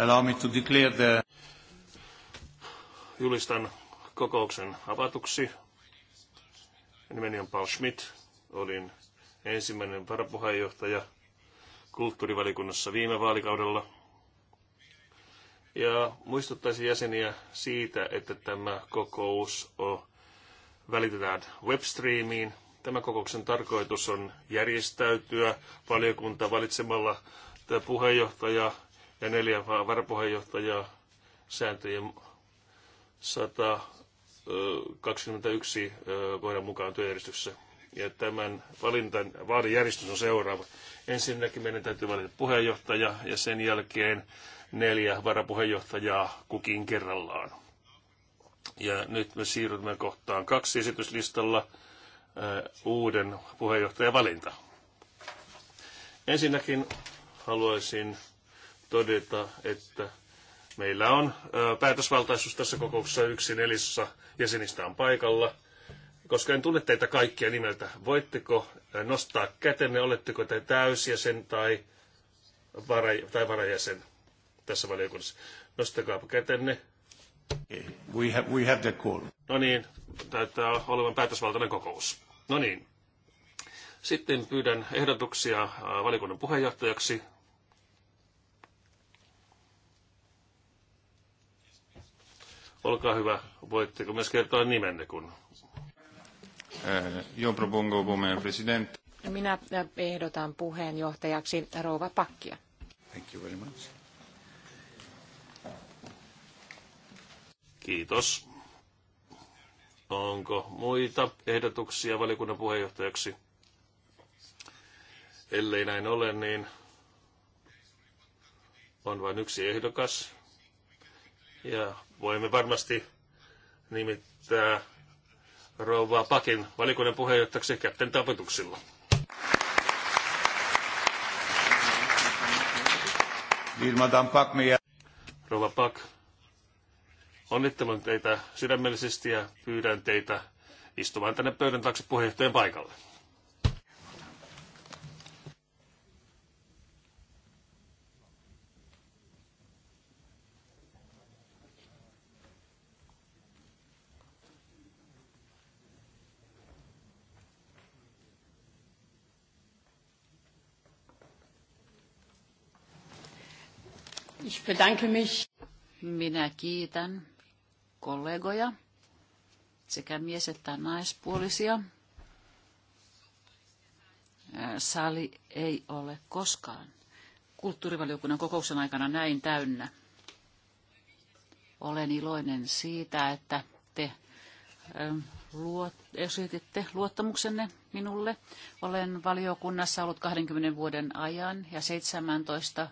Allow me to declare the... Julistan kokouksen avatuksi. Nimeni on Paul Schmidt. Olin ensimmäinen varapuheenjohtaja kulttuurivalikunnassa viime vaalikaudella. Ja muistuttaisin jäseniä siitä, että tämä kokous on, välitetään webstreamiin. Tämä kokouksen tarkoitus on järjestäytyä valiokunta valitsemalla puheenjohtaja ja neljä varapuheenjohtajaa sääntöjen 121 voidaan mukaan työjärjestyksessä. Ja tämän valintan vaalijärjestys on seuraava. Ensinnäkin meidän täytyy valita puheenjohtaja ja sen jälkeen neljä varapuheenjohtajaa kukin kerrallaan. Ja nyt me siirrymme kohtaan kaksi esityslistalla uuden puheenjohtajan valinta. Ensinnäkin haluaisin todeta, että meillä on päätösvaltaisuus tässä kokouksessa yksi neljäsosa jäsenistä on paikalla. Koska en tunne teitä kaikkia nimeltä, voitteko nostaa kätenne, oletteko te täysjäsen tai, vara, tai varajäsen tässä valiokunnassa? Nostakaapa kätenne. We have, we have the call. No niin, täyttää olevan päätösvaltainen kokous. No niin. Sitten pyydän ehdotuksia valiokunnan puheenjohtajaksi. Olkaa hyvä, voitteko myös kertoa nimenne kun... Eh, io propongo come presidente. Minä eh, ehdotan puheenjohtajaksi Rouva Pakkia. Thank you very much. Kiitos. Onko muita ehdotuksia valiokunnan puheenjohtajaksi? Ellei näin ole, niin on vain yksi ehdokas. Ja voimme varmasti nimittää rouva Pakin valikoiden puheenjohtajaksi käpten tapetuksilla. Rouva Pak, onnittelen teitä sydämellisesti ja pyydän teitä istumaan tänne pöydän taakse puheenjohtajan paikalle. bedanke mich. Minä kiitän kollegoja, sekä mies- että naispuolisia. Sali ei ole koskaan kulttuurivaliokunnan kokouksen aikana näin täynnä. Olen iloinen siitä, että te luot, esititte luottamuksenne minulle. Olen valiokunnassa ollut 20 vuoden ajan ja 17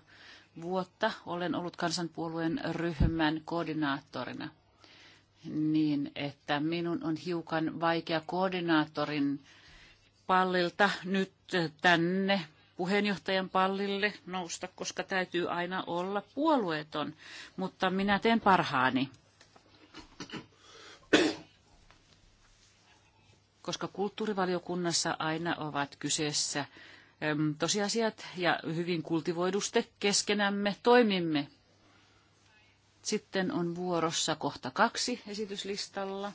vuotta olen ollut kansanpuolueen ryhmän koordinaattorina niin, että minun on hiukan vaikea koordinaattorin pallilta nyt tänne puheenjohtajan pallille nousta, koska täytyy aina olla puolueeton, mutta minä teen parhaani. Koska kulttuurivaliokunnassa aina ovat kyseessä tosiasiat ja hyvin kultivoiduste keskenämme toimimme. Sitten on vuorossa kohta kaksi esityslistalla.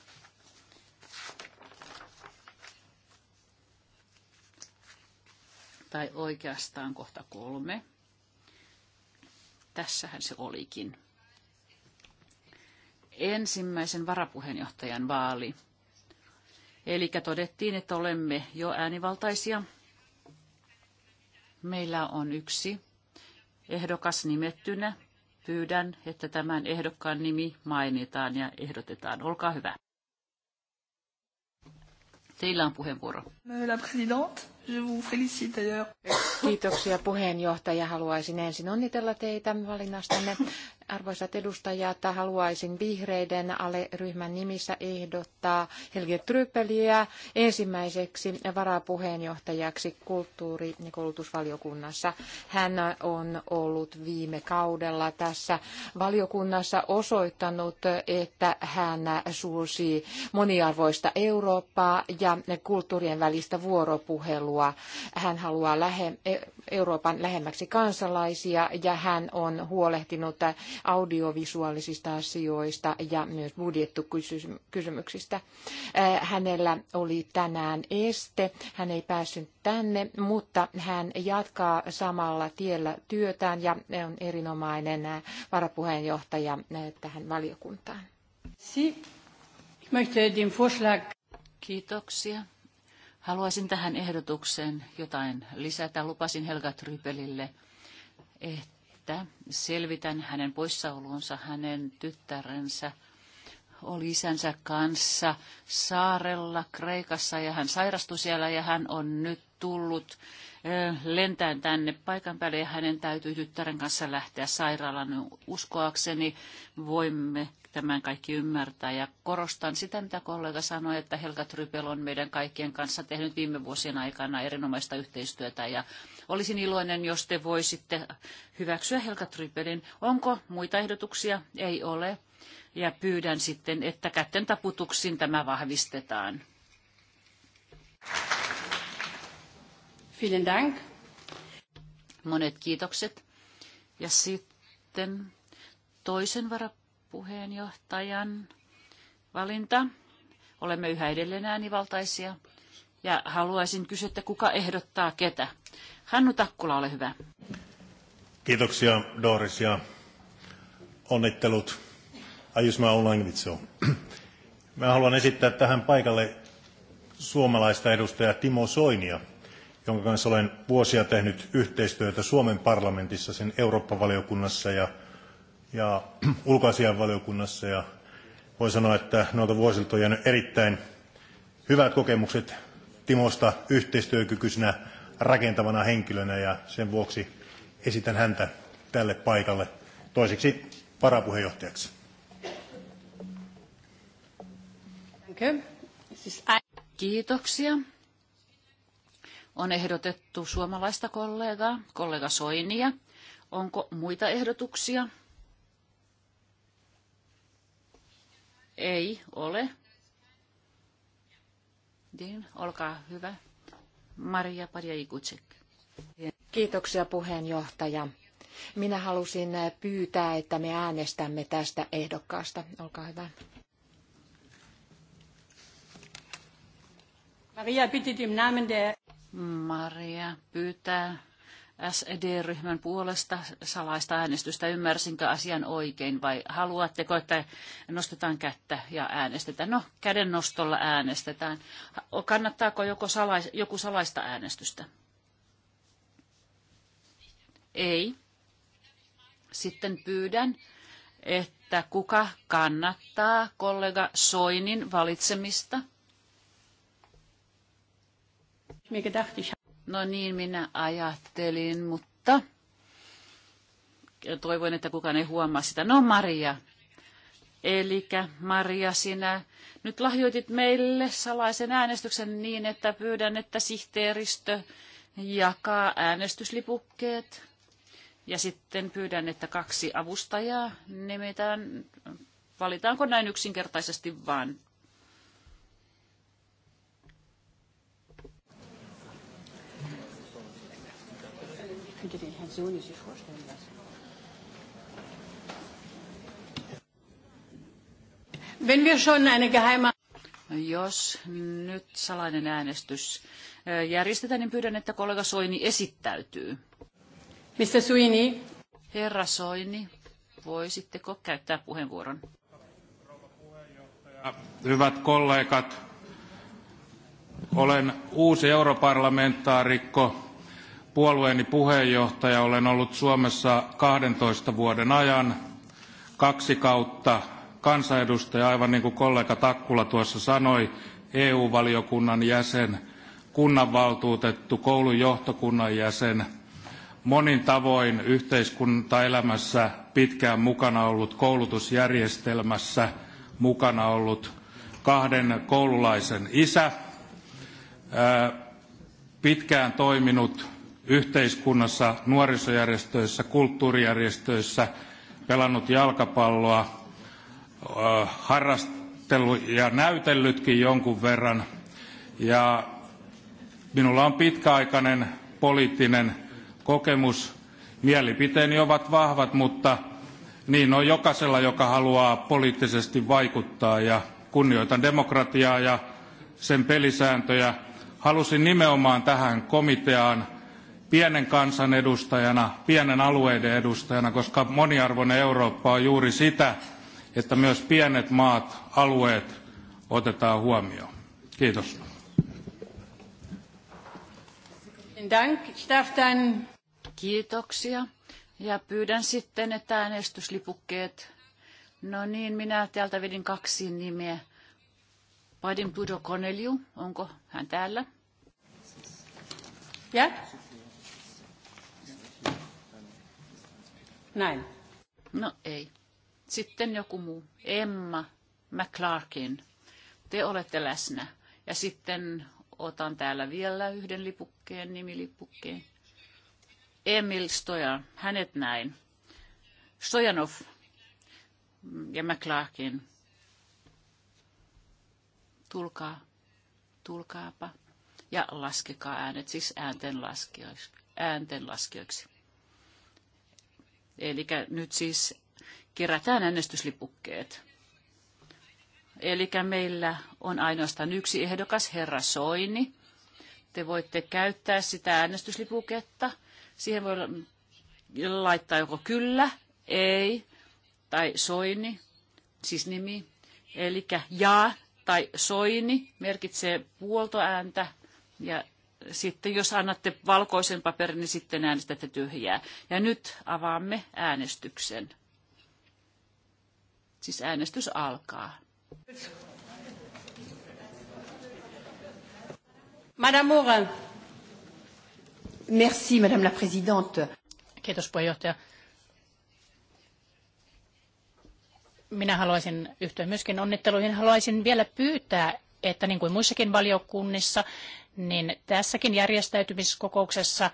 Tai oikeastaan kohta kolme. Tässähän se olikin. Ensimmäisen varapuheenjohtajan vaali. Eli todettiin, että olemme jo äänivaltaisia Meillä on yksi ehdokas nimettynä. Pyydän, että tämän ehdokkaan nimi mainitaan ja ehdotetaan. Olkaa hyvä. Teillä on puheenvuoro. La présidente, je vous félicite d'ailleurs. Kiitoksia puheenjohtaja. Haluaisin ensin onnitella teitä valinnastanne. Arvoisat edustajat, haluaisin vihreiden ryhmän nimissä ehdottaa Helge Tryppeliä ensimmäiseksi varapuheenjohtajaksi kulttuuri- ja koulutusvaliokunnassa. Hän on ollut viime kaudella tässä valiokunnassa osoittanut, että hän suosii moniarvoista Eurooppaa ja kulttuurien välistä vuoropuhelua. Hän haluaa lähe- Euroopan lähemmäksi kansalaisia ja hän on huolehtinut audiovisuaalisista asioista ja myös budjettikysymyksistä. Äh, hänellä oli tänään este, hän ei päässyt tänne, mutta hän jatkaa samalla tiellä työtään ja on erinomainen varapuheenjohtaja äh, tähän valiokuntaan. Kiitoksia. Haluaisin tähän ehdotukseen jotain lisätä. Lupasin Helga Trypelille, että selvitän hänen poissaolunsa hänen tyttärensä oli isänsä kanssa saarella Kreikassa ja hän sairastui siellä ja hän on nyt tullut lentäen tänne paikan päälle ja hänen täytyy tyttären kanssa lähteä sairaalaan. Uskoakseni voimme tämän kaikki ymmärtää ja korostan sitä, mitä kollega sanoi, että Helga Trypel on meidän kaikkien kanssa tehnyt viime vuosien aikana erinomaista yhteistyötä ja olisin iloinen, jos te voisitte hyväksyä Helga Trypelin. Onko muita ehdotuksia? Ei ole. Ja pyydän sitten, että kätten taputuksin tämä vahvistetaan. Thank you. Vielen Dank. Monet kiitokset. Ja sitten toisen varapuheenjohtajan valinta. Olemme yhä edelleen äänivaltaisia. Ja haluaisin kysyä, että kuka ehdottaa ketä. Hannu Takkula, ole hyvä. Kiitoksia Doris ja onnittelut. Aius mä Mä haluan esittää tähän paikalle suomalaista edustajaa Timo Soinia – jonka kanssa olen vuosia tehnyt yhteistyötä Suomen parlamentissa, sen Eurooppa-valiokunnassa ja, ja ulkoasianvaliokunnassa. Ja voi sanoa, että noilta vuosilta on jäänyt erittäin hyvät kokemukset Timosta yhteistyökykyisenä rakentavana henkilönä ja sen vuoksi esitän häntä tälle paikalle toiseksi varapuheenjohtajaksi. Kiitoksia on ehdotettu suomalaista kollegaa, kollega Soinia. Onko muita ehdotuksia? Ei ole. Niin, olkaa hyvä. Maria Paria Ikutsek. Kiitoksia puheenjohtaja. Minä halusin pyytää, että me äänestämme tästä ehdokkaasta. Olkaa hyvä. Maria, bitte dem Namen der Maria pyytää SED-ryhmän puolesta salaista äänestystä. Ymmärsinkö asian oikein vai haluatteko, että nostetaan kättä ja äänestetään? No, käden nostolla äänestetään. Kannattaako joko salais, joku salaista äänestystä? Ei. Sitten pyydän, että kuka kannattaa kollega Soinin valitsemista – No niin, minä ajattelin, mutta toivoin, että kukaan ei huomaa sitä. No Maria, eli Maria, sinä nyt lahjoitit meille salaisen äänestyksen niin, että pyydän, että sihteeristö jakaa äänestyslipukkeet. Ja sitten pyydän, että kaksi avustajaa nimetään. Valitaanko näin yksinkertaisesti vaan Wenn wir schon eine geheime no jos nyt salainen äänestys järjestetään, niin pyydän, että kollega Soini esittäytyy. Mr. Soini. Herra Soini, voisitteko käyttää puheenvuoron? Hyvät kollegat, olen uusi europarlamentaarikko puolueeni puheenjohtaja. Olen ollut Suomessa 12 vuoden ajan, kaksi kautta kansanedustaja, aivan niin kuin kollega Takkula tuossa sanoi, EU-valiokunnan jäsen, kunnanvaltuutettu, koulun johtokunnan jäsen, monin tavoin yhteiskuntaelämässä pitkään mukana ollut koulutusjärjestelmässä, mukana ollut kahden koululaisen isä, pitkään toiminut yhteiskunnassa, nuorisojärjestöissä, kulttuurijärjestöissä, pelannut jalkapalloa, harrastellut ja näytellytkin jonkun verran. Ja minulla on pitkäaikainen poliittinen kokemus. Mielipiteeni ovat vahvat, mutta niin on jokaisella, joka haluaa poliittisesti vaikuttaa ja kunnioitan demokratiaa ja sen pelisääntöjä. Halusin nimenomaan tähän komiteaan pienen kansan edustajana, pienen alueiden edustajana, koska moniarvoinen Eurooppa on juuri sitä, että myös pienet maat, alueet otetaan huomioon. Kiitos. Kiitoksia. Ja pyydän sitten, että äänestyslipukkeet. No niin, minä täältä vedin kaksi nimeä. Padin Pudo Konelju, onko hän täällä? Ja? Näin. No ei. Sitten joku muu. Emma McClarkin. Te olette läsnä. Ja sitten otan täällä vielä yhden lipukkeen, nimilipukkeen. Emil Stoja, hänet näin. Stojanov ja McClarkin. Tulkaa, tulkaapa ja laskekaa äänet, siis äänten laskijoiksi. Äänten laskijoiksi. Eli nyt siis kerätään äänestyslipukkeet. Eli meillä on ainoastaan yksi ehdokas, herra Soini. Te voitte käyttää sitä äänestyslipuketta. Siihen voi laittaa joko kyllä, ei tai Soini, siis nimi. Eli jaa tai Soini merkitsee puoltoääntä ja sitten jos annatte valkoisen paperin, niin sitten äänestätte tyhjää. Ja nyt avaamme äänestyksen. Siis äänestys alkaa. Madame Morin. Merci, Madame la Présidente. Kiitos puheenjohtaja. Minä haluaisin yhtyä myöskin onnitteluihin. Haluaisin vielä pyytää, että niin kuin muissakin valiokunnissa, niin tässäkin järjestäytymiskokouksessa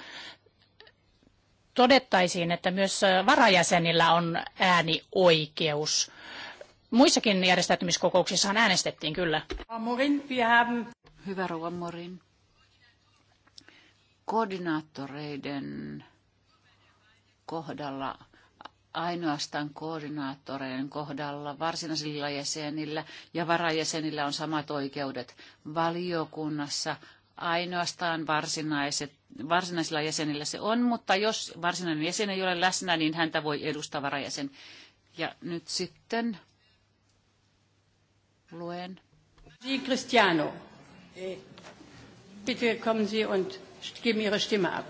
todettaisiin, että myös varajäsenillä on äänioikeus. Muissakin järjestäytymiskokouksissahan äänestettiin kyllä. Hyvä rouva Morin. Koordinaattoreiden kohdalla ainoastaan koordinaattoreiden kohdalla varsinaisilla jäsenillä ja varajäsenillä on samat oikeudet. Valiokunnassa ainoastaan varsinaiset, varsinaisilla jäsenillä se on, mutta jos varsinainen jäsen ei ole läsnä, niin häntä voi edustaa varajäsen. Ja nyt sitten luen. Sie Cristiano, eh, bitte kommen Sie und geben Ihre Stimme ab.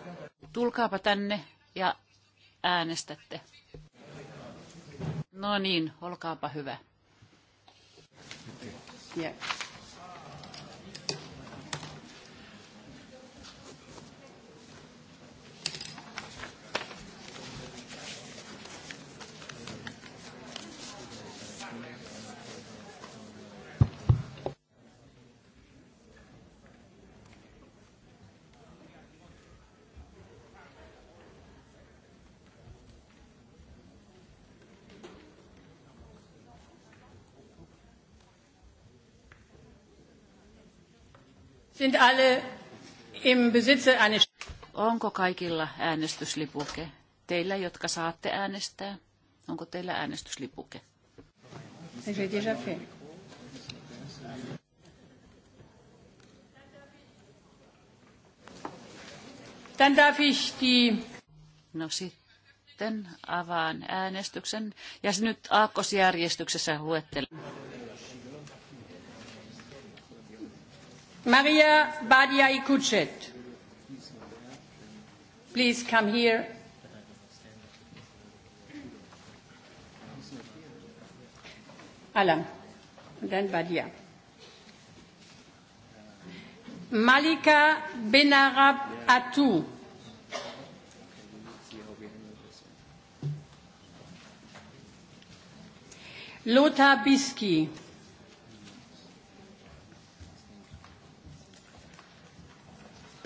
Tulkaapa tänne ja äänestätte. No niin, olkaapa hyvä. Yeah. Sind alle im Besitze eine... Onko kaikilla äänestyslipuke? Teillä, jotka saatte äänestää, onko teillä äänestyslipuke? Dann darf ich die... No sitten avaan äänestyksen ja se nyt aakkosjärjestyksessä luettelen. Maria Badia Ikuchet. Please come here. Alam. And then Badia. Malika Benarab Atou. Lothar Biski.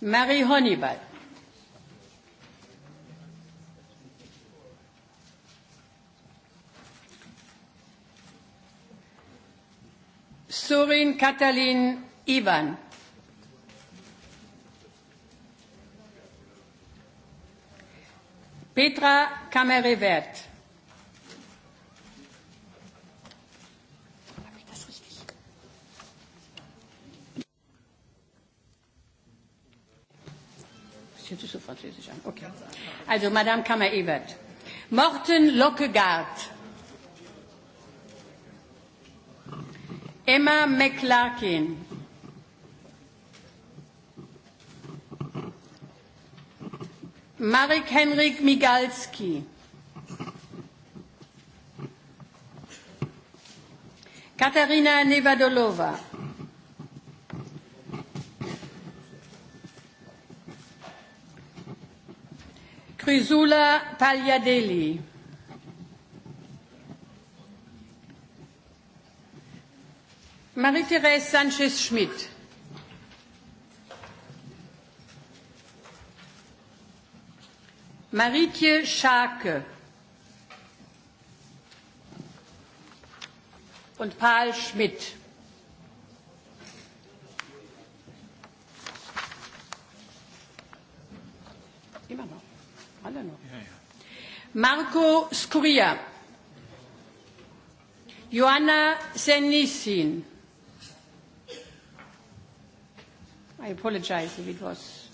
Marie Honeyball. Sorin Katalin Ivan. Petra Kamerevert. Bitte zu Französisch an. Okay. Also, Madame Kammer-Ebert. Morten Lockegaard. Emma McLarkin. Marek Henrik Migalski. Katharina Nevadolova. Frisula Pagliadelli. Marie-Thérèse Sanchez-Schmidt. Marietje Schake. Und Paul Schmidt. Marco Scuria. Joanna Senissin. I apologize if it was.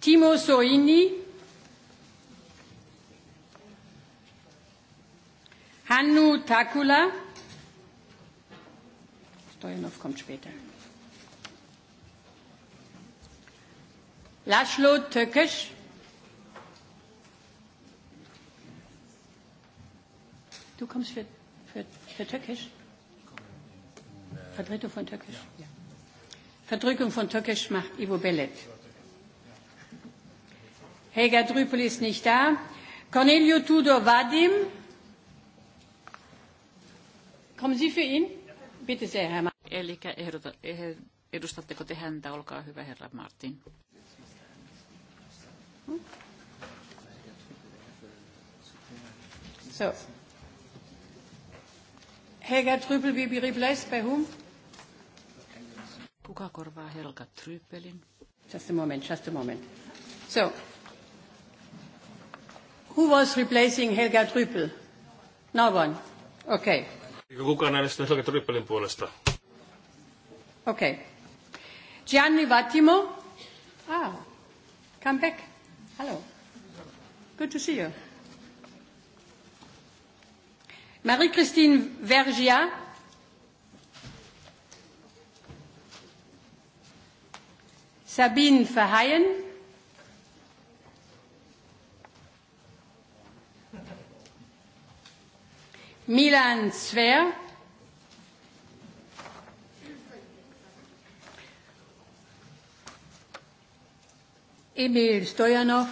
Timo Soini. Hannu Takula. Stojanov kommt später. Laszlo Tökös. Du kommst für, für, für Türkisch? Vertretung von Türkisch? Ja. Verdrückung von Türkisch macht Ivo Bellet. Helga Drüpel ist nicht da. Cornelio Tudor Vadim. Kommen Sie für ihn? Bitte sehr, Herr Martin. Eli eh, edustatteko te häntä? Olkaa hyvä, herra Martin. Hmm? So. Helga Trüppel will be replaced by whom? Kuka korvaa Helga Trüppelin? Just a moment, just a moment. So. Who was replacing Helga Trüppel? No one. Okay. kukaan äänestänyt Helga Trüppelin puolesta? Okay. Gianni Vattimo. Ah, come back. Hello. Good to see you. Marie-Christine Vergia. Sabine Verheyen. Milan Sver. Emil Stojanov.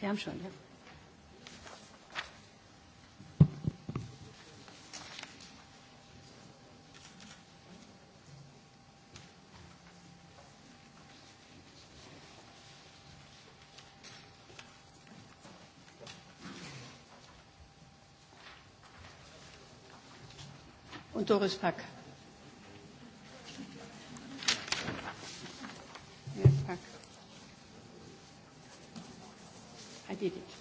Wir haben schon, ja. Und Doris Pack. erledigt.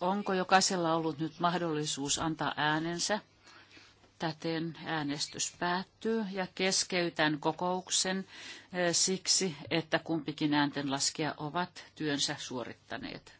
Onko jokaisella ollut nyt mahdollisuus antaa äänensä? Täten äänestys päättyy ja keskeytän kokouksen eh, siksi, että kumpikin ääntenlaskija ovat työnsä suorittaneet.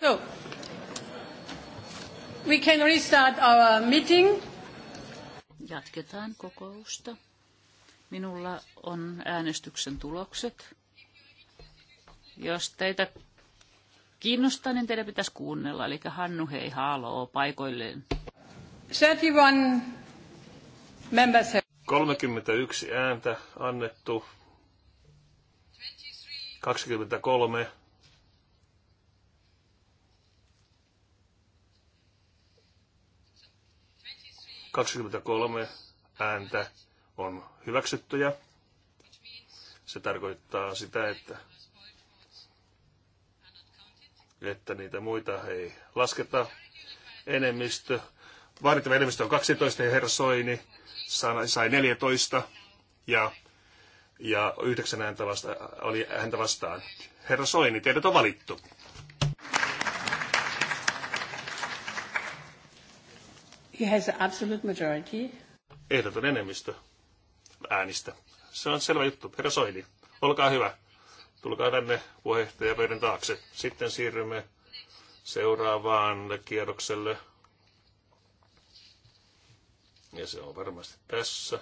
So, we can restart our meeting. Jatketaan kokousta. Minulla on äänestyksen tulokset. Jos teitä kiinnostaa, niin teidän pitäisi kuunnella. Eli Hannu hei haaloo paikoilleen. 31 members 31 ääntä annettu. 23 23 ääntä on hyväksyttyjä. Se tarkoittaa sitä, että, että niitä muita ei lasketa. Enemmistö, vaadittava enemmistö on 12 ja herra Soini sai 14 ja, ja 9 ääntä vasta, oli häntä vastaan. Herra Soini, teidät on valittu. He has an absolute majority. Ehdoton enemmistö äänistä. Se on selvä juttu. Herra Soili, olkaa hyvä. Tulkaa tänne puheenjohtajapöydän taakse. Sitten siirrymme seuraavaan kierrokselle. Ja se on varmasti tässä.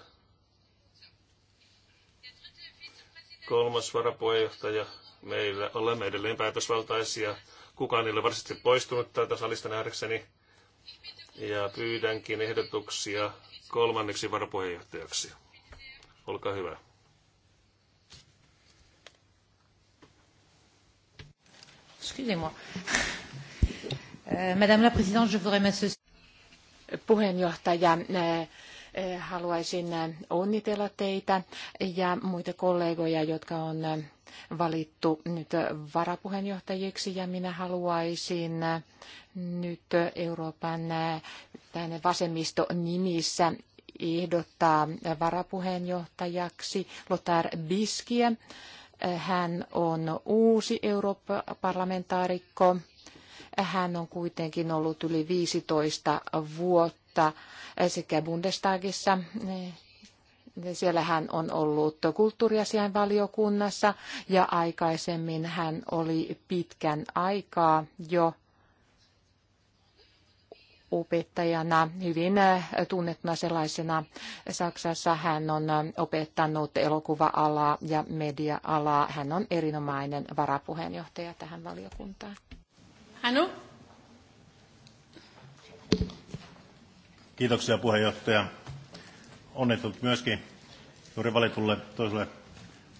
Kolmas varapuheenjohtaja. Meillä olemme edelleen päätösvaltaisia. Kukaan ei ole varsinaisesti poistunut täältä salista nähdäkseni ja pyydänkin ehdotuksia kolmanneksi varapuheenjohtajaksi. Olkaa hyvä. Excusez-moi. Euh, Madame la Présidente, je voudrais m'associer. Puheenjohtaja, haluaisin äh, onnitella teitä ja muita kollegoja, jotka on äh, valittu nyt äh, varapuheenjohtajiksi ja minä haluaisin nyt Euroopan tänne vasemmisto nimissä ehdottaa varapuheenjohtajaksi Lothar Biskiä. Hän on uusi europarlamentaarikko. Hän on kuitenkin ollut yli 15 vuotta mutta sekä Bundestagissa niin siellä hän on ollut kulttuuriasiainvaliokunnassa ja aikaisemmin hän oli pitkän aikaa jo opettajana, hyvin tunnettuna sellaisena Saksassa. Hän on opettanut elokuva-alaa ja media-alaa. Hän on erinomainen varapuheenjohtaja tähän valiokuntaan. Hanu? Kiitoksia puheenjohtaja. Onnittelut myöskin juuri valitulle toiselle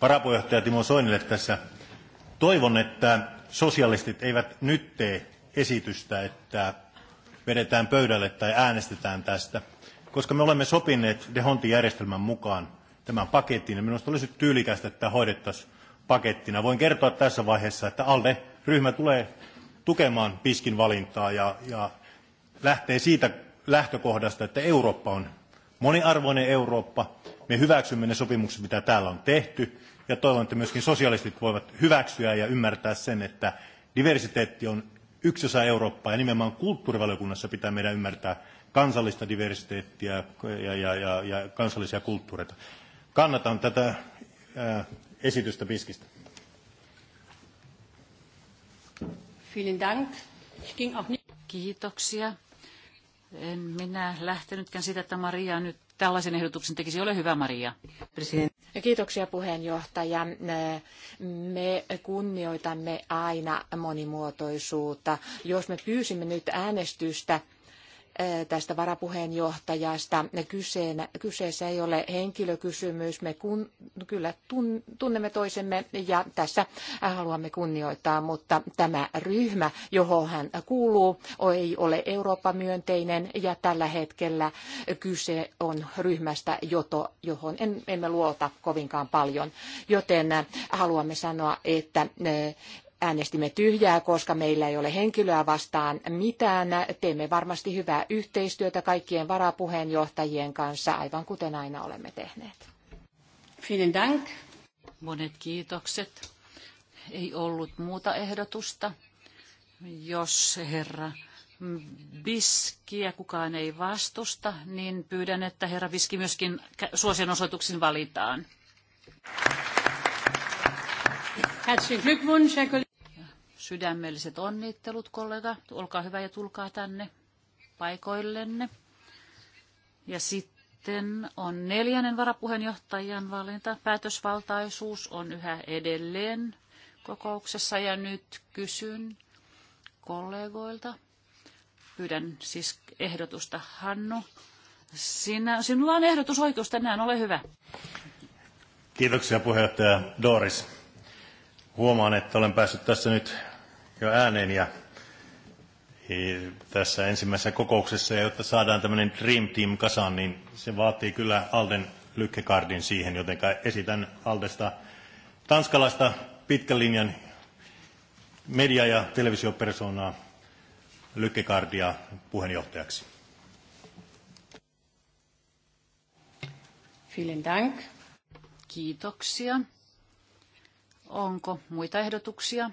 parapuheenjohtaja Timo Soinille tässä. Toivon, että sosialistit eivät nyt tee esitystä, että vedetään pöydälle tai äänestetään tästä, koska me olemme sopineet Dehontin järjestelmän mukaan tämän paketin, ja minusta olisi tyylikästä, että hoidettaisiin pakettina. Voin kertoa tässä vaiheessa, että ALDE-ryhmä tulee tukemaan Piskin valintaa ja, ja lähtee siitä lähtökohdasta, että Eurooppa on moniarvoinen Eurooppa. Me hyväksymme ne sopimukset, mitä täällä on tehty. Ja toivon, että myöskin sosialistit voivat hyväksyä ja ymmärtää sen, että diversiteetti on yksi osa Eurooppaa. Ja nimenomaan kulttuurivaliokunnassa pitää meidän ymmärtää kansallista diversiteettiä ja, ja, ja, ja kansallisia kulttuureita. Kannatan tätä äh, esitystä Piskistä. Kiitoksia. En minä lähtenytkään sitä, että Maria nyt tällaisen ehdotuksen tekisi. Ole hyvä, Maria. President. Kiitoksia puheenjohtaja. Me kunnioitamme aina monimuotoisuutta. Jos me pyysimme nyt äänestystä tästä varapuheenjohtajasta. Kyseen, kyseessä ei ole henkilökysymys. Me kun, kyllä tunnemme toisemme ja tässä haluamme kunnioittaa, mutta tämä ryhmä, johon hän kuuluu, ei ole Eurooppa-myönteinen ja tällä hetkellä kyse on ryhmästä, joto, johon emme luota kovinkaan paljon. Joten haluamme sanoa, että Äänestimme tyhjää, koska meillä ei ole henkilöä vastaan mitään. Teemme varmasti hyvää yhteistyötä kaikkien varapuheenjohtajien kanssa, aivan kuten aina olemme tehneet. Vielen dank. Monet kiitokset. Ei ollut muuta ehdotusta. Jos herra Biskiä kukaan ei vastusta, niin pyydän, että herra Biski myöskin suosionosoituksin valitaan. Herzlichen Glückwunsch, Herr Sydämelliset onnittelut, kollega. Olkaa hyvä ja tulkaa tänne paikoillenne. Ja sitten on neljännen varapuheenjohtajan valinta. Päätösvaltaisuus on yhä edelleen kokouksessa ja nyt kysyn kollegoilta. Pyydän siis ehdotusta. Hannu, sinä, sinulla on ehdotusoikeus tänään, ole hyvä. Kiitoksia puheenjohtaja Doris. Huomaan, että olen päässyt tässä nyt jo ääneen ja tässä ensimmäisessä kokouksessa, ja jotta saadaan tämmöinen Dream Team kasaan, niin se vaatii kyllä Alden lykkekardin siihen, joten esitän Aldesta tanskalaista pitkän linjan media- ja televisiopersoonaa lykkekardia puheenjohtajaksi. Vielen Dank. Kiitoksia. Onko muita ehdotuksia?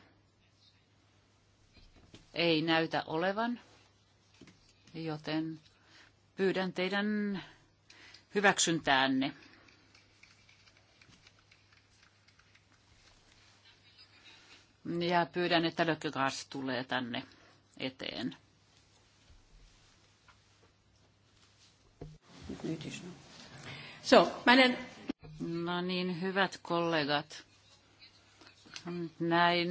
ei näytä olevan, joten pyydän teidän hyväksyntäänne. Ja pyydän, että Lökkökaas tulee tänne eteen. So, meinen... No niin, hyvät kollegat. Näin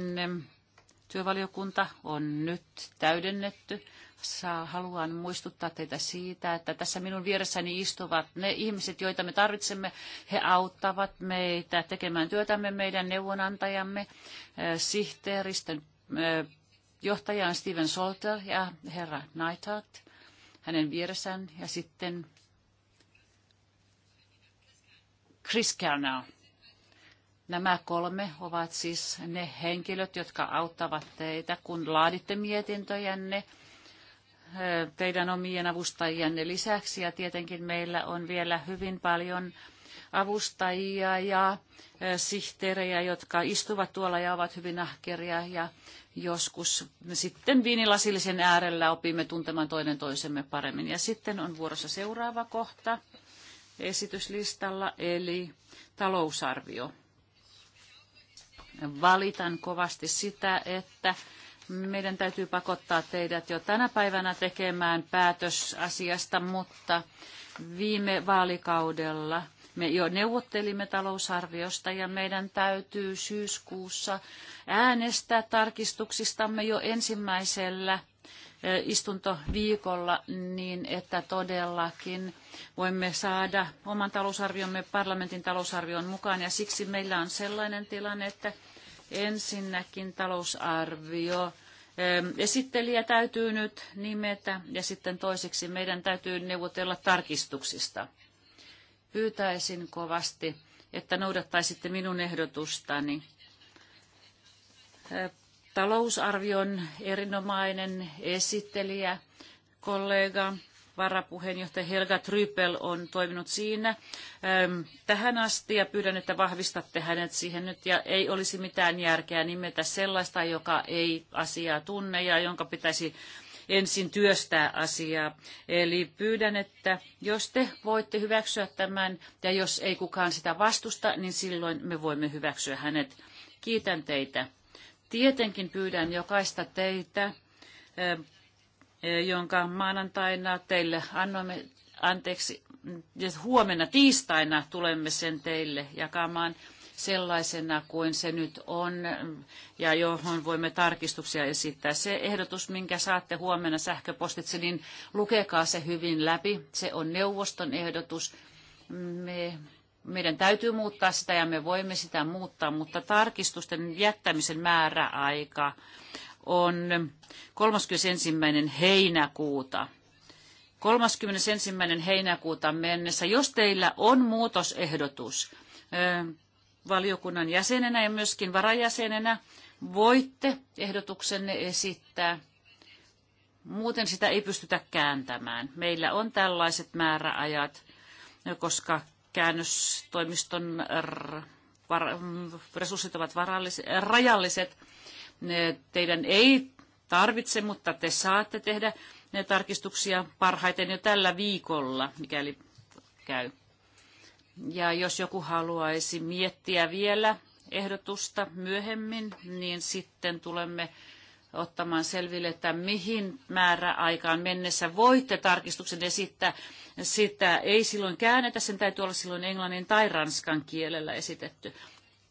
työvaliokunta on nyt täydennetty. Saa, haluan muistuttaa teitä siitä, että tässä minun vieressäni istuvat ne ihmiset, joita me tarvitsemme. He auttavat meitä tekemään työtämme, meidän neuvonantajamme, eh, sihteeristön eh, johtajan Steven Solter ja herra Neithart, hänen vieressään ja sitten Chris Kernow. Nämä kolme ovat siis ne henkilöt, jotka auttavat teitä, kun laaditte mietintöjänne teidän omien avustajienne lisäksi. Ja tietenkin meillä on vielä hyvin paljon avustajia ja sihteerejä, jotka istuvat tuolla ja ovat hyvin ahkeria. Ja joskus sitten viinilasillisen äärellä opimme tuntemaan toinen toisemme paremmin. Ja sitten on vuorossa seuraava kohta esityslistalla, eli talousarvio valitan kovasti sitä, että meidän täytyy pakottaa teidät jo tänä päivänä tekemään päätös asiasta, mutta viime vaalikaudella me jo neuvottelimme talousarviosta ja meidän täytyy syyskuussa äänestää tarkistuksistamme jo ensimmäisellä istuntoviikolla niin, että todellakin voimme saada oman talousarviomme parlamentin talousarvion mukaan. Ja siksi meillä on sellainen tilanne, että ensinnäkin talousarvio esittelijä täytyy nyt nimetä ja sitten toiseksi meidän täytyy neuvotella tarkistuksista. Pyytäisin kovasti, että noudattaisitte minun ehdotustani talousarvion erinomainen esittelijä, kollega, varapuheenjohtaja Helga Trypel on toiminut siinä tähän asti ja pyydän, että vahvistatte hänet siihen nyt. Ja ei olisi mitään järkeä nimetä sellaista, joka ei asiaa tunne ja jonka pitäisi ensin työstää asiaa. Eli pyydän, että jos te voitte hyväksyä tämän ja jos ei kukaan sitä vastusta, niin silloin me voimme hyväksyä hänet. Kiitän teitä. Tietenkin pyydän jokaista teitä, jonka maanantaina teille annoimme, anteeksi, huomenna tiistaina tulemme sen teille jakamaan sellaisena kuin se nyt on ja johon voimme tarkistuksia esittää. Se ehdotus, minkä saatte huomenna sähköpostitse, niin lukekaa se hyvin läpi. Se on neuvoston ehdotus. Me meidän täytyy muuttaa sitä ja me voimme sitä muuttaa, mutta tarkistusten jättämisen määräaika on 31. heinäkuuta. 31. heinäkuuta mennessä, jos teillä on muutosehdotus valiokunnan jäsenenä ja myöskin varajäsenenä, voitte ehdotuksenne esittää. Muuten sitä ei pystytä kääntämään. Meillä on tällaiset määräajat, koska käännöstoimiston resurssit ovat äh, rajalliset. Teidän ei tarvitse, mutta te saatte tehdä ne tarkistuksia parhaiten jo tällä viikolla, mikäli käy. Ja jos joku haluaisi miettiä vielä ehdotusta myöhemmin, niin sitten tulemme ottamaan selville, että mihin määräaikaan mennessä voitte tarkistuksen esittää. Sitä ei silloin käännetä, sen täytyy olla silloin englannin tai ranskan kielellä esitetty.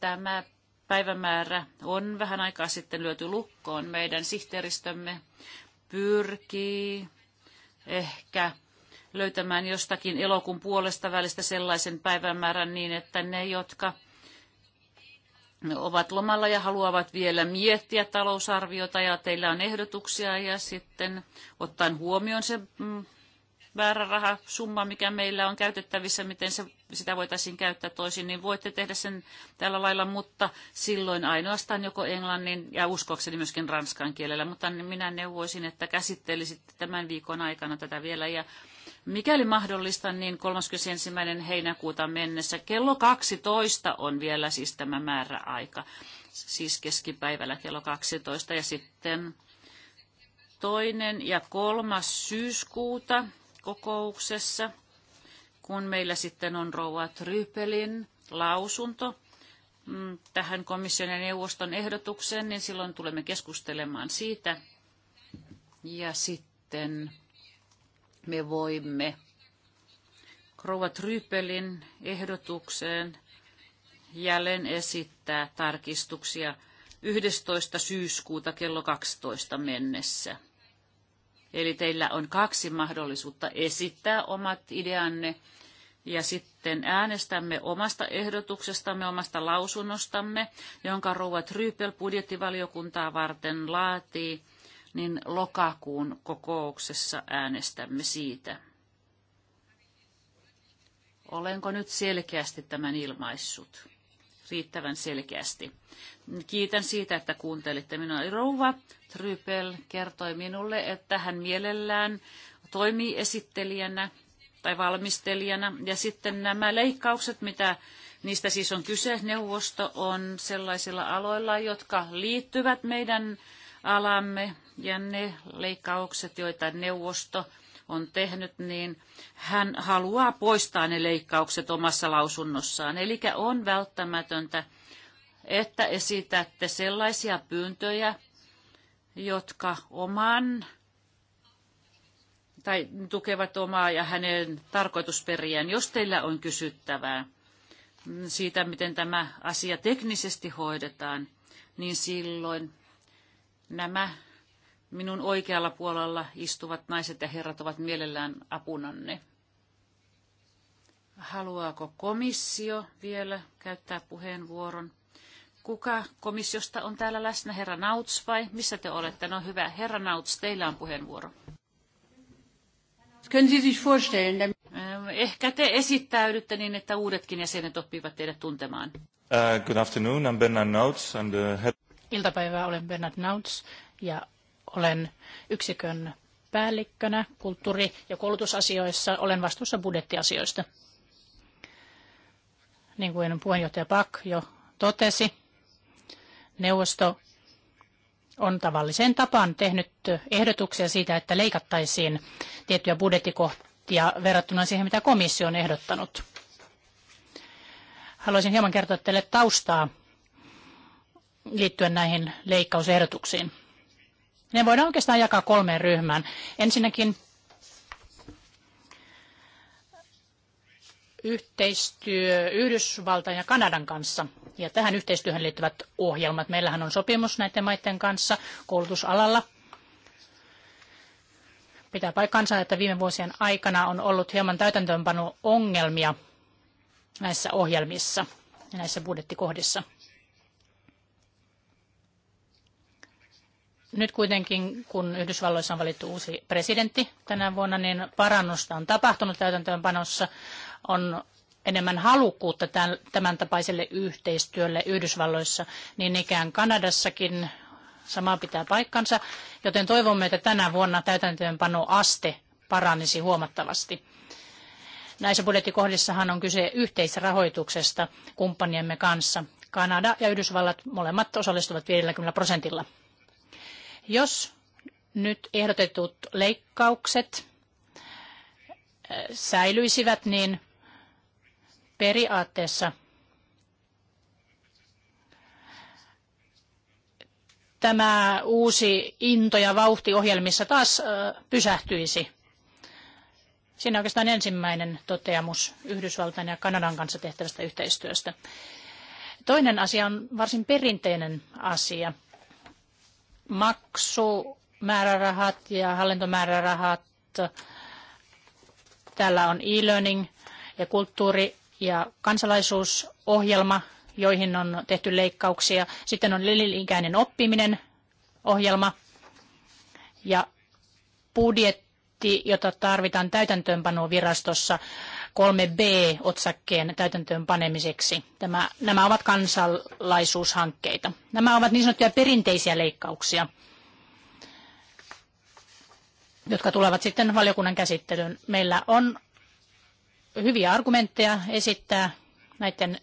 Tämä päivämäärä on vähän aikaa sitten lyöty lukkoon. Meidän sihteeristömme pyrkii ehkä löytämään jostakin elokuun puolesta välistä sellaisen päivämäärän niin, että ne, jotka ovat lomalla ja haluavat vielä miettiä talousarviota ja teillä on ehdotuksia ja sitten ottaen huomioon se mm, väärä rahasumma, mikä meillä on käytettävissä, miten se, sitä voitaisiin käyttää toisin, niin voitte tehdä sen tällä lailla, mutta silloin ainoastaan joko englannin ja uskokseni myöskin ranskan kielellä, mutta minä neuvoisin, että käsittelisitte tämän viikon aikana tätä vielä ja Mikäli mahdollista, niin 31. heinäkuuta mennessä kello 12 on vielä siis tämä määräaika, siis keskipäivällä kello 12 ja sitten toinen ja kolmas syyskuuta kokouksessa, kun meillä sitten on rouva Trypelin lausunto mm, tähän komission ja neuvoston ehdotukseen, niin silloin tulemme keskustelemaan siitä. Ja sitten me voimme Rova Trypelin ehdotukseen jälleen esittää tarkistuksia 11. syyskuuta kello 12 mennessä. Eli teillä on kaksi mahdollisuutta esittää omat ideanne ja sitten äänestämme omasta ehdotuksestamme, omasta lausunnostamme, jonka Rouva Trypel budjettivaliokuntaa varten laatii niin lokakuun kokouksessa äänestämme siitä. Olenko nyt selkeästi tämän ilmaissut? Riittävän selkeästi. Kiitän siitä, että kuuntelitte minua. Rouva Trypel kertoi minulle, että hän mielellään toimii esittelijänä tai valmistelijana. Ja sitten nämä leikkaukset, mitä niistä siis on kyse, neuvosto on sellaisilla aloilla, jotka liittyvät meidän alamme ja ne leikkaukset, joita neuvosto on tehnyt, niin hän haluaa poistaa ne leikkaukset omassa lausunnossaan. Eli on välttämätöntä, että esitätte sellaisia pyyntöjä, jotka oman tai tukevat omaa ja hänen tarkoitusperiään, jos teillä on kysyttävää siitä, miten tämä asia teknisesti hoidetaan, niin silloin nämä Minun oikealla puolella istuvat naiset ja herrat ovat mielellään apunanne. Haluaako komissio vielä käyttää puheenvuoron? Kuka komissiosta on täällä läsnä? Herra Nauts vai? Missä te olette? No hyvä. Herra Nauts, teillä on puheenvuoro. Äh, ehkä te esittäydytte niin, että uudetkin jäsenet oppivat teidät tuntemaan. Uh, good afternoon, I'm Bernard Nauts. and uh, Iltapäivää, olen Bernard Nauts ja olen yksikön päällikkönä kulttuuri- ja koulutusasioissa, olen vastuussa budjettiasioista. Niin kuin puheenjohtaja Pak jo totesi, neuvosto on tavalliseen tapaan tehnyt ehdotuksia siitä, että leikattaisiin tiettyjä budjettikohtia verrattuna siihen, mitä komissio on ehdottanut. Haluaisin hieman kertoa teille taustaa liittyen näihin leikkausehdotuksiin. Ne voidaan oikeastaan jakaa kolmeen ryhmään. Ensinnäkin yhteistyö Yhdysvaltain ja Kanadan kanssa. Ja tähän yhteistyöhön liittyvät ohjelmat. Meillähän on sopimus näiden maiden kanssa koulutusalalla. Pitää paikkansa, että viime vuosien aikana on ollut hieman täytäntöönpano ongelmia näissä ohjelmissa ja näissä budjettikohdissa. Nyt kuitenkin, kun Yhdysvalloissa on valittu uusi presidentti tänä vuonna, niin parannusta on tapahtunut täytäntöönpanossa. On enemmän halukkuutta tämän tapaiselle yhteistyölle Yhdysvalloissa, niin ikään Kanadassakin sama pitää paikkansa, joten toivomme, että tänä vuonna täytäntöönpanoaste paranisi huomattavasti. Näissä budjettikohdissahan on kyse yhteisrahoituksesta kumppaniemme kanssa. Kanada ja Yhdysvallat molemmat osallistuvat 50 prosentilla. Jos nyt ehdotetut leikkaukset äh, säilyisivät, niin periaatteessa tämä uusi into ja vauhti taas äh, pysähtyisi. Siinä oikeastaan ensimmäinen toteamus Yhdysvaltain ja Kanadan kanssa tehtävästä yhteistyöstä. Toinen asia on varsin perinteinen asia maksumäärärahat ja hallintomäärärahat. Täällä on e-learning ja kulttuuri- ja kansalaisuusohjelma, joihin on tehty leikkauksia. Sitten on elinikäinen oppiminen ohjelma ja budjetti, jota tarvitaan täytäntöönpanoon virastossa 3B-otsakkeen täytäntöön panemiseksi. Tämä, nämä ovat kansalaisuushankkeita. Nämä ovat niin sanottuja perinteisiä leikkauksia, jotka tulevat sitten valiokunnan käsittelyyn. Meillä on hyviä argumentteja esittää näiden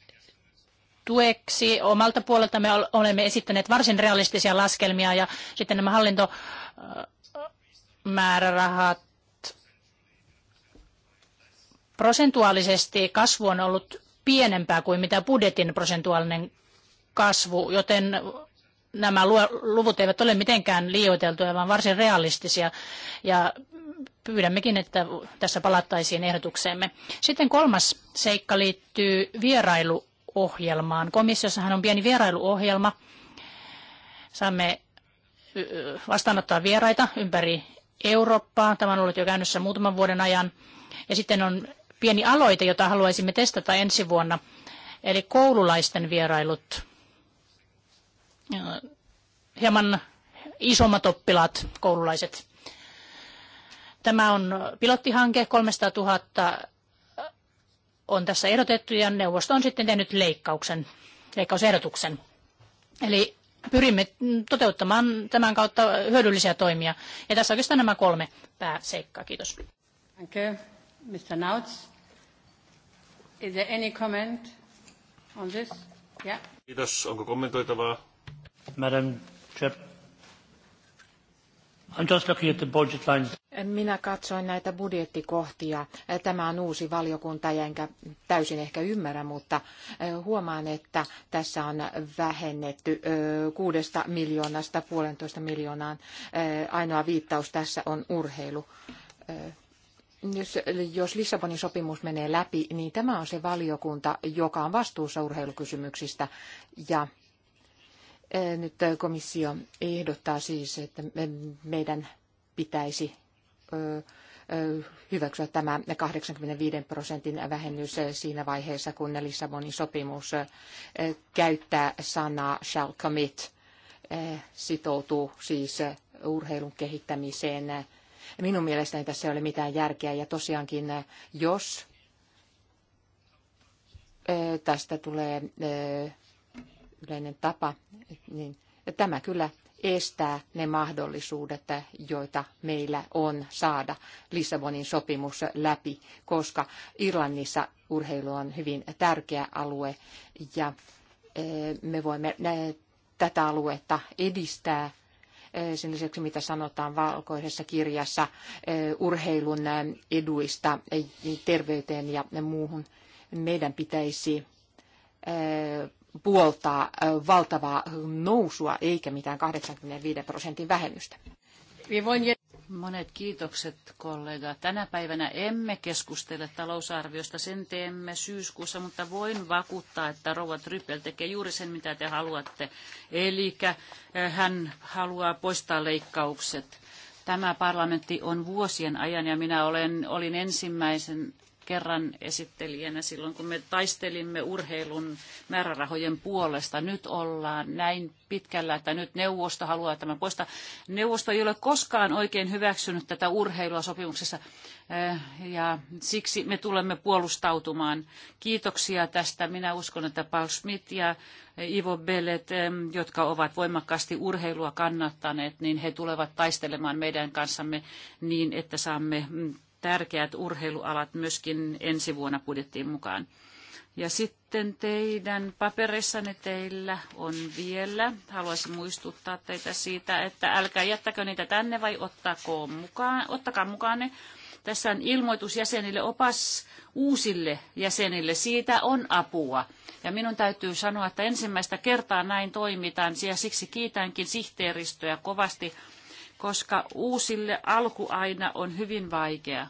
tueksi. Omalta puolelta me olemme esittäneet varsin realistisia laskelmia ja sitten nämä hallintomäärärahat äh, Prosentuaalisesti kasvu on ollut pienempää kuin mitä budjetin prosentuaalinen kasvu, joten nämä luvut eivät ole mitenkään liioiteltuja, vaan varsin realistisia. Ja pyydämmekin, että tässä palattaisiin ehdotukseemme. Sitten kolmas seikka liittyy vierailuohjelmaan. Komissiossahan on pieni vierailuohjelma. Saamme vastaanottaa vieraita ympäri Eurooppaa. Tämä on ollut jo käynnissä muutaman vuoden ajan. Ja sitten on pieni aloite, jota haluaisimme testata ensi vuonna. Eli koululaisten vierailut. Äh, hieman isommat oppilaat, koululaiset. Tämä on pilottihanke, 300 000 on tässä ehdotettu ja neuvosto on sitten tehnyt leikkauksen, leikkausehdotuksen. Eli pyrimme toteuttamaan tämän kautta hyödyllisiä toimia. Ja tässä oikeastaan nämä kolme pääseikkaa. Kiitos. Kiitos. Mr. Nauts. Is there any comment on this? Yeah. Kiitos. Onko kommentoitavaa? Madam Chair. I'm just looking at the budget lines. Minä katsoin näitä budjettikohtia. Tämä on uusi valiokunta, enkä täysin ehkä ymmärrä, mutta huomaan, että tässä on vähennetty kuudesta miljoonasta puolentoista miljoonaan. Ainoa viittaus tässä on urheilu jos, jos Lissabonin sopimus menee läpi, niin tämä on se valiokunta, joka on vastuussa urheilukysymyksistä. Ja e, nyt komissio ehdottaa siis, että meidän pitäisi hyväksyä tämä 85 prosentin vähennys siinä vaiheessa, kun Lissabonin sopimus käyttää sanaa shall commit, e, sitoutuu siis urheilun kehittämiseen Minun mielestäni tässä ei ole mitään järkeä ja tosiaankin eh, jos eh, tästä tulee eh, yleinen tapa, niin tämä kyllä estää ne mahdollisuudet, joita meillä on saada Lissabonin sopimus läpi, koska Irlannissa urheilu on hyvin tärkeä alue ja me voimme tätä aluetta edistää Eh, sen lisäksi mitä sanotaan valkoisessa kirjassa eh, urheilun eh, eduista terveyteen ja muuhun. Meidän pitäisi puoltaa valtavaa nousua eikä mitään 85 prosentin vähennystä. Niin Monet kiitokset, kollega. Tänä päivänä emme keskustele talousarviosta, sen teemme syyskuussa, mutta voin vakuuttaa, että Rouva Trypel tekee juuri sen, mitä te haluatte. Eli eh, hän haluaa poistaa leikkaukset. Tämä parlamentti on vuosien ajan ja minä olen, olin ensimmäisen kerran esittelijänä silloin, kun me taistelimme urheilun määrärahojen puolesta. Nyt ollaan näin pitkällä, että nyt neuvosto haluaa tämän poistaa. Neuvosto ei ole koskaan oikein hyväksynyt tätä urheilua sopimuksessa eh, ja siksi me tulemme puolustautumaan. Kiitoksia tästä. Minä uskon, että Paul Schmidt ja Ivo Bellet, eh, jotka ovat voimakkaasti urheilua kannattaneet, niin he tulevat taistelemaan meidän kanssamme niin, että saamme mm, tärkeät urheilualat myöskin ensi vuonna budjettiin mukaan. Ja sitten teidän paperissanne teillä on vielä, haluaisin muistuttaa teitä siitä, että älkää jättäkö niitä tänne vai ottakaa mukaan, ottakaa mukaan ne. Tässä on ilmoitus jäsenille, opas uusille jäsenille, siitä on apua. Ja minun täytyy sanoa, että ensimmäistä kertaa näin toimitaan, ja siksi kiitänkin sihteeristöä kovasti koska uusille alku aina on hyvin vaikea.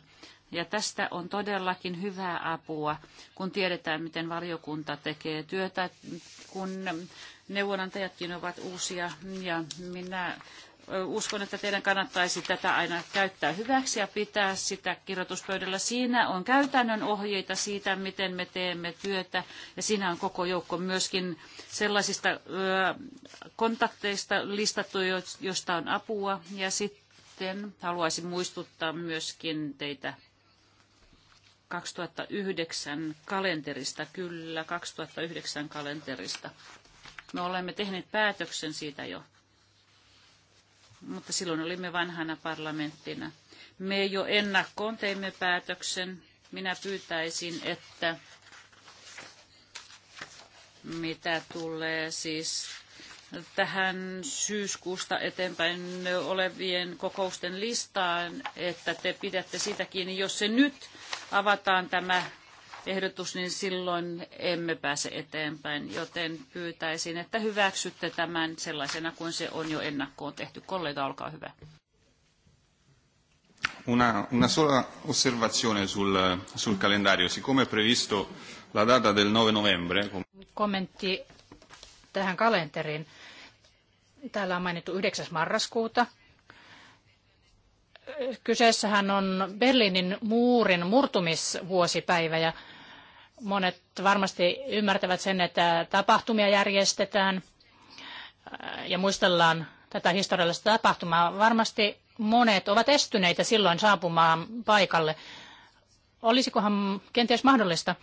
Ja tästä on todellakin hyvää apua, kun tiedetään, miten valiokunta tekee työtä, kun neuvonantajatkin ovat uusia. Ja minä uskon, että teidän kannattaisi tätä aina käyttää hyväksi ja pitää sitä kirjoituspöydällä. Siinä on käytännön ohjeita siitä, miten me teemme työtä ja siinä on koko joukko myöskin sellaisista kontakteista listattu, josta on apua ja sitten haluaisin muistuttaa myöskin teitä 2009 kalenterista, kyllä 2009 kalenterista. Me olemme tehneet päätöksen siitä jo mutta silloin olimme vanhana parlamenttina. Me jo ennakkoon teimme päätöksen. Minä pyytäisin, että mitä tulee siis tähän syyskuusta eteenpäin olevien kokousten listaan, että te pidätte sitäkin, jos se nyt avataan tämä ehdotus, niin silloin emme pääse eteenpäin, joten pyytäisin, että hyväksytte tämän sellaisena kuin se on jo ennakkoon tehty. Kollega, olkaa hyvä. Una, una sola osservazione sul, sul calendario. Siccome è previsto la data del 9 novembre... Kommentti tähän kalenteriin. Täällä on mainittu 9. marraskuuta kyseessähän on Berliinin muurin murtumisvuosipäivä ja Monet varmasti ymmärtävät sen, että tapahtumia järjestetään ja muistellaan tätä historiallista tapahtumaa. Varmasti monet ovat estyneitä silloin saapumaan paikalle. Olisikohan kenties mahdollista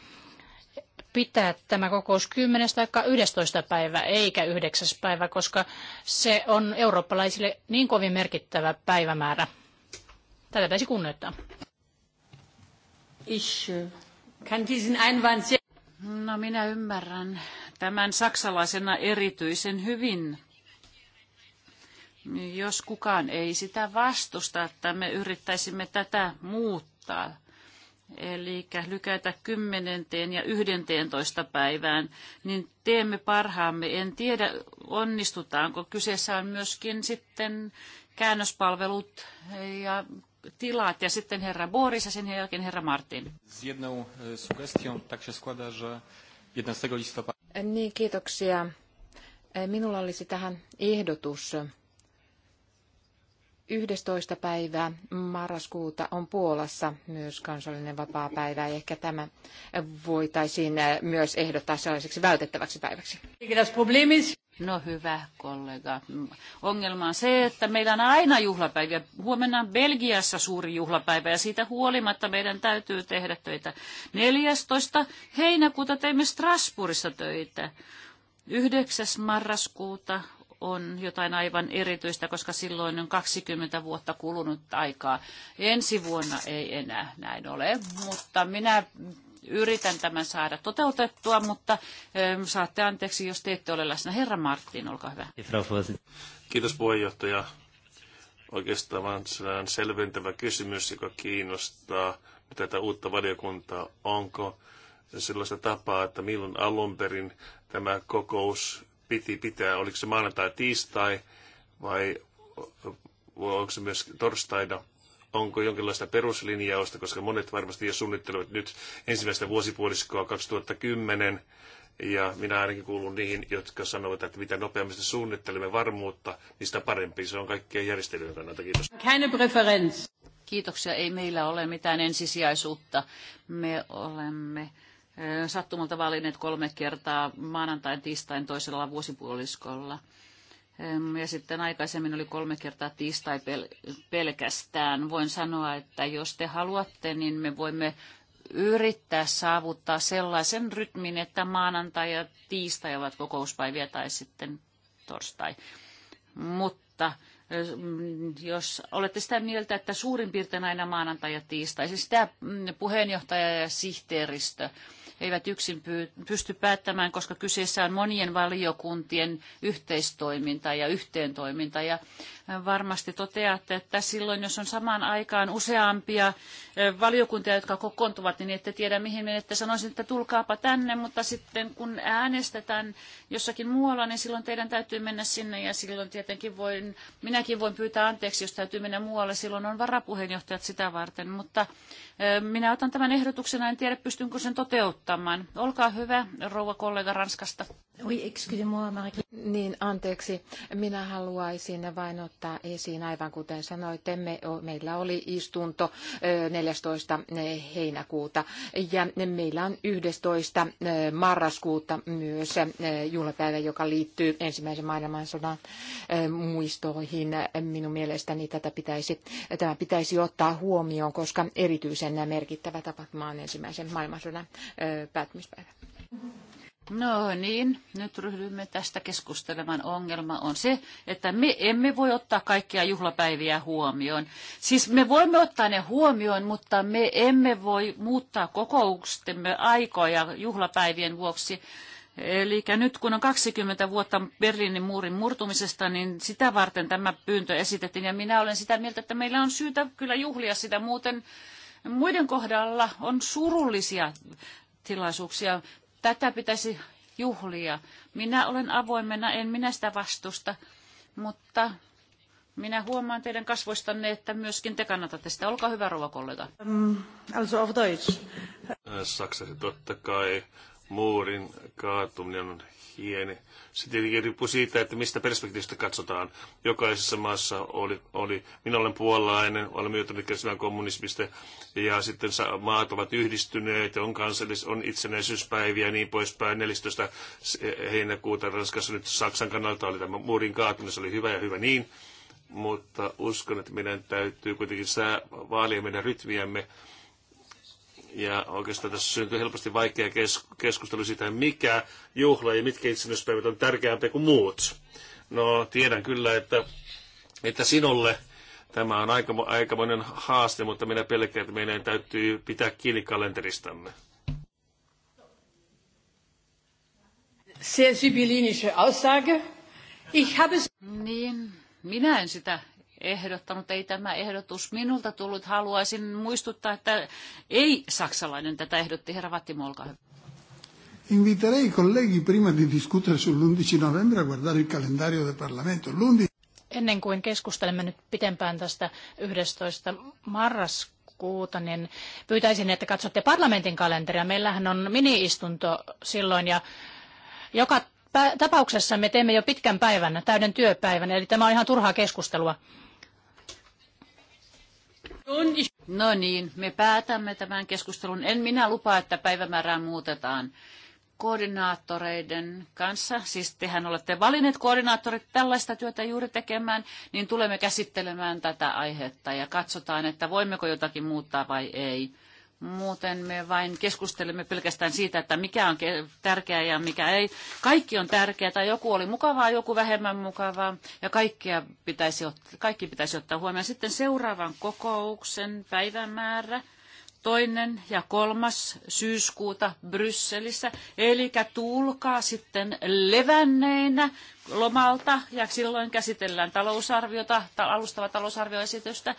pitää tämä kokous 10. tai 11. päivä eikä 9. päivä, koska se on eurooppalaisille niin kovin merkittävä päivämäärä. Tätä pitäisi kunnioittaa. Ich No minä ymmärrän tämän saksalaisena erityisen hyvin. Jos kukaan ei sitä vastusta, että me yrittäisimme tätä muuttaa, eli lykätä kymmenenteen ja yhdenteentoista päivään, niin teemme parhaamme. En tiedä, onnistutaanko. Kyseessä on myöskin sitten käännöspalvelut ja tilat ja sitten herra Boris ja sen jälkeen herra Martin. Z jedną e, sugestią tak się składa, że 11 listopada... E, niin, kiitoksia. E, minulla olisi tähän ehdotus. 11. päivää marraskuuta on Puolassa myös kansallinen vapaa päivä, Ehkä tämä voitaisiin myös ehdottaa sellaiseksi vältettäväksi päiväksi. No hyvä kollega. Ongelma on se, että meillä on aina juhlapäiviä. Huomenna on Belgiassa suuri juhlapäivä ja siitä huolimatta meidän täytyy tehdä töitä. 14. heinäkuuta teimme Strasbourgissa töitä. 9. marraskuuta on jotain aivan erityistä, koska silloin on 20 vuotta kulunut aikaa. Ensi vuonna ei enää näin ole, mutta minä yritän tämän saada toteutettua, mutta saatte anteeksi, jos te ette ole läsnä. Herra Martin, olkaa hyvä. Kiitos puheenjohtaja. Oikeastaan vain selventävä kysymys, joka kiinnostaa tätä uutta valiokuntaa. Onko sellaista tapaa, että milloin alun perin tämä kokous piti pitää, oliko se maanantai, tiistai vai onko se myös torstaina? onko jonkinlaista peruslinjausta, koska monet varmasti jo suunnittelevat nyt ensimmäistä vuosipuoliskoa 2010, ja minä ainakin kuulun niihin, jotka sanovat, että mitä nopeammin suunnittelemme varmuutta, niin sitä parempi. Se on kaikkien järjestelyjen kannalta. Kiitos. Keine Kiitoksia. Ei meillä ole mitään ensisijaisuutta. Me olemme sattumalta valinneet kolme kertaa maanantain, tiistain toisella vuosipuoliskolla. Ja sitten aikaisemmin oli kolme kertaa tiistai pel- pelkästään. Voin sanoa, että jos te haluatte, niin me voimme yrittää saavuttaa sellaisen rytmin, että maanantai ja tiistai ovat kokouspäiviä tai sitten torstai. Mutta jos olette sitä mieltä, että suurin piirtein aina maanantai ja tiistai, siis tämä mm, puheenjohtaja ja sihteeristö eivät yksin pysty päättämään, koska kyseessä on monien valiokuntien yhteistoiminta ja yhteentoiminta. Ja varmasti toteatte, että silloin jos on samaan aikaan useampia valiokuntia, jotka kokoontuvat, niin ette tiedä mihin menette. Sanoisin, että tulkaapa tänne, mutta sitten kun äänestetään jossakin muualla, niin silloin teidän täytyy mennä sinne ja silloin tietenkin voin, minäkin voin pyytää anteeksi, jos täytyy mennä muualle. Silloin on varapuheenjohtajat sitä varten, mutta minä otan tämän ehdotuksen en tiedä pystynkö sen toteuttamaan. Olkaa hyvä, rouva kollega Ranskasta. Oui, excusez-moi, Niin, anteeksi. Minä haluaisin vain ottaa ottaa esiin, aivan kuten sanoitte, me, meillä oli istunto 14. E, heinäkuuta ja meillä on 11. E, marraskuuta myös e, juhlapäivä, joka liittyy ensimmäisen maailmansodan muistoihin. Minun mielestäni tätä pitäisi, tämä pitäisi ottaa huomioon, koska erityisen merkittävä tapahtuma on ensimmäisen maailmansodan päättymispäivä. No niin, nyt ryhdymme tästä keskustelemaan. Ongelma on se, että me emme voi ottaa kaikkia juhlapäiviä huomioon. Siis me voimme ottaa ne huomioon, mutta me emme voi muuttaa kokoustemme aikoja juhlapäivien vuoksi. Eli nyt kun on 20 vuotta Berliinin muurin murtumisesta, niin sitä varten tämä pyyntö esitettiin. Ja minä olen sitä mieltä, että meillä on syytä kyllä juhlia sitä muuten. Muiden kohdalla on surullisia tilaisuuksia. Tätä pitäisi juhlia. Minä olen avoimena, en minä sitä vastusta, mutta minä huomaan teidän kasvoistanne, että myöskin te kannatatte sitä. Olkaa hyvä, rouva kollega. Um, also auf Deutsch. Äh, totta kai muurin kaatuminen on hieni. Se tietenkin riippuu siitä, että mistä perspektiivistä katsotaan. Jokaisessa maassa oli, oli minä olen puolalainen, olen myötynyt kärsivän kommunismista, ja sitten maat ovat yhdistyneet, on, kansallis, on itsenäisyyspäiviä ja niin poispäin. 14. heinäkuuta Ranskassa nyt Saksan kannalta oli tämä muurin kaatuminen, se oli hyvä ja hyvä niin, mutta uskon, että meidän täytyy kuitenkin sää, vaalia meidän rytmiämme, ja oikeastaan tässä syntyy helposti vaikea keskustelu siitä, mikä juhla ja mitkä itsenäisyyspäivät on tärkeämpiä kuin muut. No tiedän kyllä, että, että sinulle tämä on aika, aikamoinen haaste, mutta minä pelkään, että meidän täytyy pitää kiinni kalenteristamme. Sehr sibyllinische Aussage. Ich habe Niin, minä en sitä ehdottanut, ei tämä ehdotus minulta tullut. Haluaisin muistuttaa, että ei saksalainen tätä ehdotti. Herra Vattimo, olkaa hyvä. Inviterei i colleghi prima di discutere sull'11 novembre a guardare il calendario del Parlamento. Ennen kuin keskustelemme nyt pitempään tästä 11. marraskuuta, niin pyytäisin, että katsotte parlamentin kalenteria. Meillähän on mini-istunto silloin ja joka tapauksessa me teemme jo pitkän päivän, täyden työpäivän, eli tämä on ihan turhaa keskustelua. No niin, me päätämme tämän keskustelun. En minä lupaa, että päivämäärää muutetaan koordinaattoreiden kanssa, siis tehän olette valinneet koordinaattorit tällaista työtä juuri tekemään, niin tulemme käsittelemään tätä aihetta ja katsotaan, että voimmeko jotakin muuttaa vai ei. Muuten me vain keskustelemme pelkästään siitä, että mikä on tärkeää ja mikä ei. Kaikki on tärkeää, tai joku oli mukavaa, joku vähemmän mukavaa, ja kaikkia pitäisi, kaikki pitäisi ottaa huomioon. Sitten seuraavan kokouksen päivämäärä toinen ja kolmas syyskuuta Brysselissä. Eli tulkaa sitten levänneinä lomalta ja silloin käsitellään talousarviota, alustava talousarvioesitystä.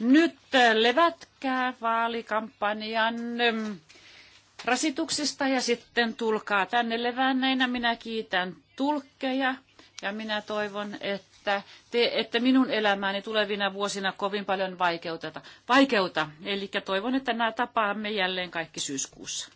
Nyt levätkää vaalikampanjan mm, rasituksista ja sitten tulkaa tänne levänneinä. Minä kiitän tulkkeja ja minä toivon, että että, te, että minun elämääni tulevina vuosina kovin paljon vaikeuteta, vaikeuta. Eli toivon, että nämä tapaamme jälleen kaikki syyskuussa.